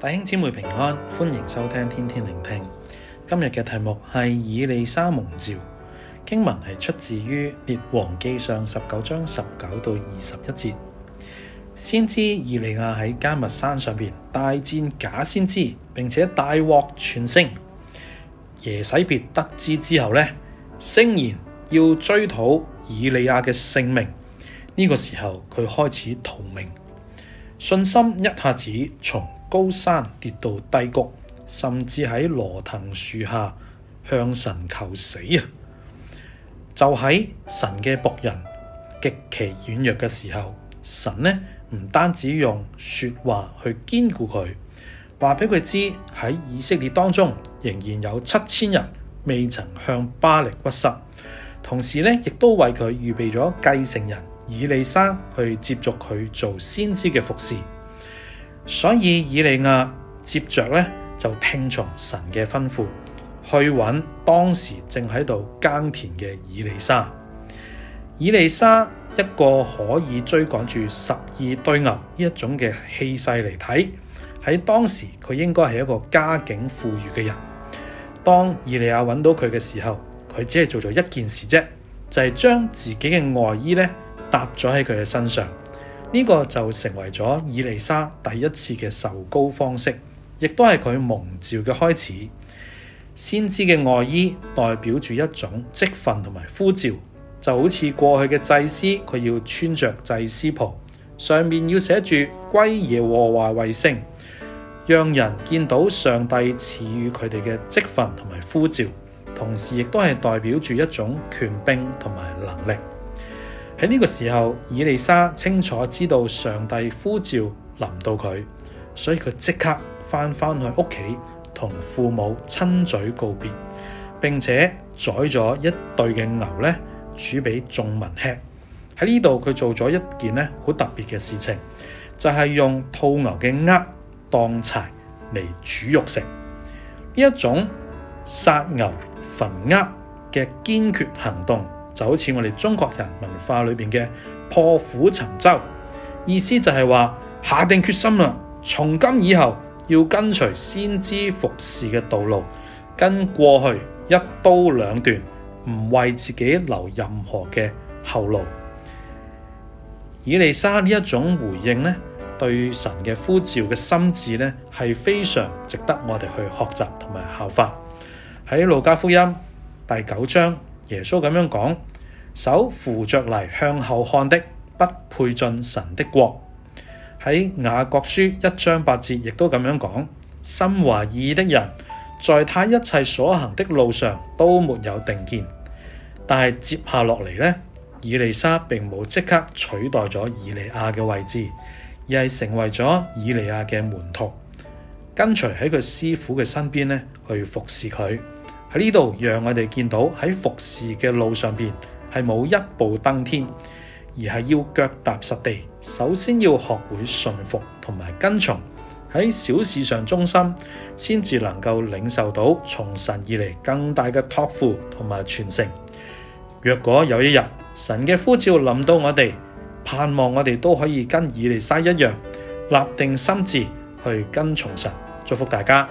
弟兄姊妹平安，歡迎收聽天天聆聽。今日嘅題目係以利沙蒙召經文，係出自於列王記上十九章十九到二十一節。先知以利亞喺迦密山上邊大戰假先知，並且大獲全勝。耶洗別得知之後呢，聲言要追討以利亞嘅性命。呢個時候佢開始逃命，信心一下子從高山跌到低谷，甚至喺羅滕樹下向神求死啊！就喺神嘅僕人極其軟弱嘅時候，神呢唔單止用說話去堅固佢，話俾佢知喺以色列當中仍然有七千人未曾向巴力屈膝，同時呢亦都為佢預備咗繼承人以利沙去接續佢做先知嘅服侍。所以以利亞接着咧就聽從神嘅吩咐，去揾當時正喺度耕田嘅以利沙。以利沙一個可以追趕住十二對牛呢一種嘅氣勢嚟睇，喺當時佢應該係一個家境富裕嘅人。當以利亞揾到佢嘅時候，佢只係做咗一件事啫，就係、是、將自己嘅外衣咧搭咗喺佢嘅身上。呢個就成為咗以利沙第一次嘅受膏方式，亦都係佢蒙召嘅開始。先知嘅外衣代表住一種職分同埋呼召，就好似過去嘅祭司，佢要穿着祭司袍，上面要寫住「歸耶和華為聖」，讓人見到上帝賜予佢哋嘅職分同埋呼召，同時亦都係代表住一種權柄同埋能力。喺呢個時候，以利沙清楚知道上帝呼召臨到佢，所以佢即刻翻翻去屋企同父母親嘴告別，並且宰咗一對嘅牛咧煮俾眾民吃。喺呢度佢做咗一件咧好特別嘅事情，就係、是、用套牛嘅軛當柴嚟煮肉食，呢一種殺牛焚軛嘅堅決行動。就好似我哋中國人文化裏面嘅破釜沉舟，意思就係話下定決心啦，從今以後要跟隨先知服事嘅道路，跟過去一刀兩斷，唔為自己留任何嘅後路。以利沙呢一種回應呢，對神嘅呼召嘅心志呢，係非常值得我哋去學習同埋效法。喺路加福音第九章。耶穌咁樣講，手扶着犁向後看的，不配進神的國。喺雅各書一章八節，亦都咁樣講，心懷二意的人，在他一切所行的路上都沒有定見。但係接下落嚟呢，以利沙並冇即刻取代咗以利亞嘅位置，而係成為咗以利亞嘅門徒，跟隨喺佢師傅嘅身邊呢去服侍佢。喺呢度，讓我哋見到喺服侍嘅路上邊係冇一步登天，而係要腳踏實地。首先要學會順服同埋跟從，喺小事上忠心，先至能夠領受到從神以嚟更大嘅託付同埋傳承。若果有一日神嘅呼召臨到我哋，盼望我哋都可以跟以利沙一樣，立定心志去跟從神。祝福大家。